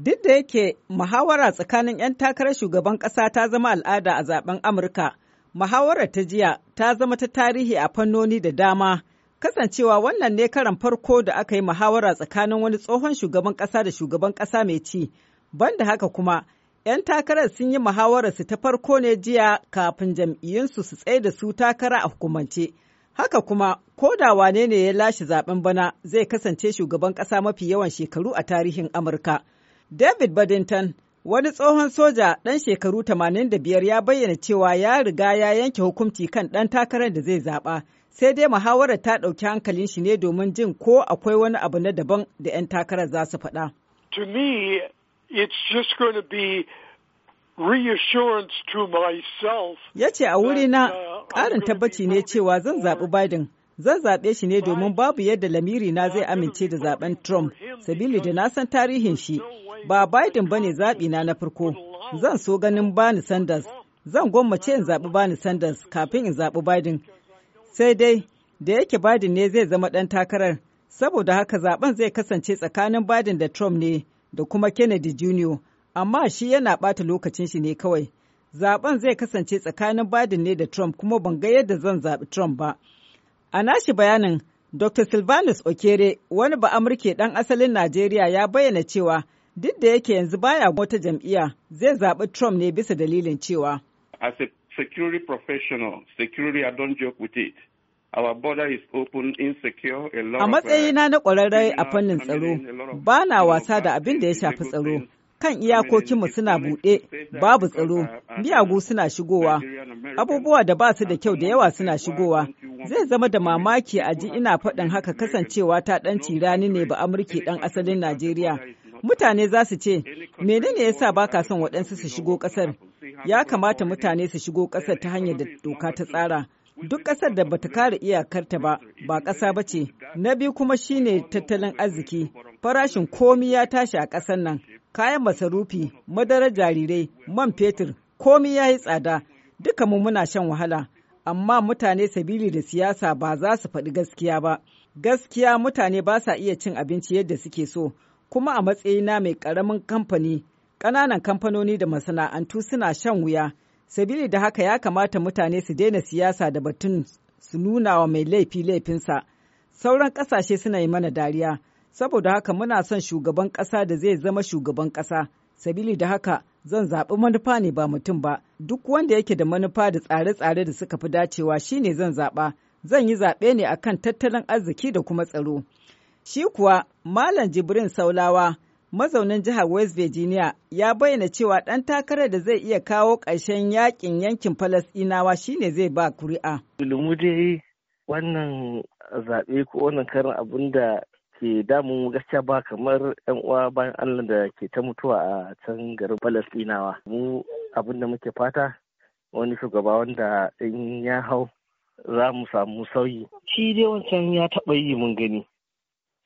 Duk da yake muhawara tsakanin 'yan takarar shugaban ƙasa ta zama al'ada a zaben Amurka, muhawarar ta jiya ta zama ta tarihi a fannoni da dama. Kasancewa wannan ne karan farko da aka yi muhawara tsakanin wani tsohon shugaban ƙasa da shugaban ƙasa mai ci. Banda haka kuma, 'yan takarar sun yi su ta farko ne jiya kafin jam'iyyunsu su tsaye da su takara a hukumance. Haka kuma, ko da wane ne ya lashe zaben bana zai kasance shugaban ƙasa mafi yawan shekaru a tarihin Amurka. David Badinton wani tsohon soja ɗan shekaru 85 ya bayyana cewa ya riga ya yanke hukunci kan ɗan takarar da zai zaɓa. Sai dai muhawarar ta ɗauki hankalin shi ne domin jin ko akwai wani abu na daban da 'yan takarar za su faɗa. To me, it's just going to be reassurance to myself. Ya ce a wuri na uh, ƙarin tabbaci ne cewa zan zaɓi Biden. zan zaɓe shi ne domin babu yadda lamiri na zai amince da zaben Trump, sabili da na san tarihin shi, Ba Biden ba ne zaɓina na farko. Zan so ganin Bernie Sanders. Zan gwammace in zaɓi Bernie Sanders kafin in zaɓi Biden. Sai dai, da yake Biden ne zai zama ɗan takarar, saboda haka zaɓen zai kasance tsakanin Biden da Trump ne da kuma Kennedy Jr. Amma shi yana ɓata lokacin shi ne kawai. Zaɓen zai kasance tsakanin Biden ne da Trump kuma ban ga yadda zan zaɓi Trump ba. A nashi bayanin, Dr. Sylvanus Okere, wani ba Amurke ɗan asalin Najeriya ya bayyana cewa Duk da yake yanzu baya wata jam'iyya zai zaɓi Trump ne bisa dalilin cewa. As a security professional, security I don't joke with it. open, insecure, a lot A uh, matsayina na ƙwararre a fannin tsaro, ba na wasa da abin da ya shafi tsaro. Kan iyakokinmu suna buɗe, babu tsaro, uh, uh, miyagu suna shigowa, abubuwa da ba su da kyau da yawa suna shigowa. Zai zama da mamaki a ji ina faɗin haka kasancewa ta ɗan tirani ne ba Amurki ɗan asalin Najeriya. Mutane za su ce, menene ya sa ba ka son waɗansu su shigo ƙasar? Ya kamata mutane su shigo ƙasar ta hanyar da doka ta tsara. Duk ƙasar da bata kare iyakarta ba, ba ƙasa ba ce. Na biyu kuma shine tattalin arziki. Farashin komi ya tashi a ƙasar nan. Kayan masarufi, madarar jarirai, man fetur, komi ya yi tsada. Duka mu muna shan wahala. Amma mutane sabili da siyasa ba za su faɗi gaskiya ba. gaskiya mutane ba sa iya cin abinci yadda suke so kuma a matsayina mai ƙaramin kamfani ƙananan kamfanoni da masana'antu suna shan wuya sabili da haka ya kamata mutane su daina siyasa da batun su nuna wa mai laifi laifinsa sauran ƙasashe suna yi mana dariya saboda haka muna son shugaban ƙasa da zai zama shugaban ƙasa sabili da haka zan zaɓi manufa ne ba mutum ba duk wanda yake da manufa da tsare-tsare da suka fi dacewa shine zan zaɓa zan yi zaɓe ne akan tattalin arziki da kuma tsaro Shi kuwa Malam Jibrin Saulawa mazaunin jihar West Virginia ya bayyana cewa ɗan takarar da zai iya kawo ƙarshen yakin yankin Falasɗinawa shine zai ba kuri'a. Ilimu dai wannan zaɓe ko wannan karin abin da ke damun gaskiya ba kamar yan uwa bayan Allah da ke ta mutuwa a can garin Falasɗinawa. Mu abin da muke fata wani shugaba wanda in ya hau za mu samu sauyi. Shi dai wancan ya taɓa yi mun gani.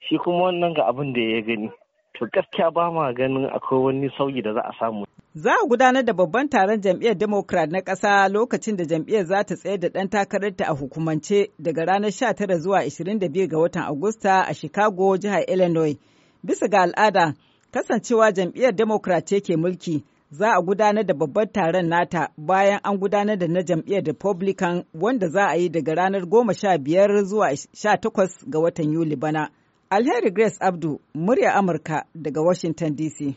shi kuma wannan ga abin da ya gani to gaskiya ba ma ganin akwai wani sauyi da za a samu za a gudanar da babban taron jam'iyyar democrat na ƙasa lokacin da jam'iyyar za ta tsaye da ɗan takarar ta a hukumance daga ranar 19 zuwa 22 ga watan agusta a chicago jihar illinois bisa ga al'ada kasancewa jam'iyyar democrat ce ke mulki za a gudanar da babban taron nata bayan an gudanar da na jam'iyyar republican wanda za a yi daga ranar 15 zuwa 18 ga watan yuli bana. Alheri Grace Abdu, murya Amurka daga Washington DC.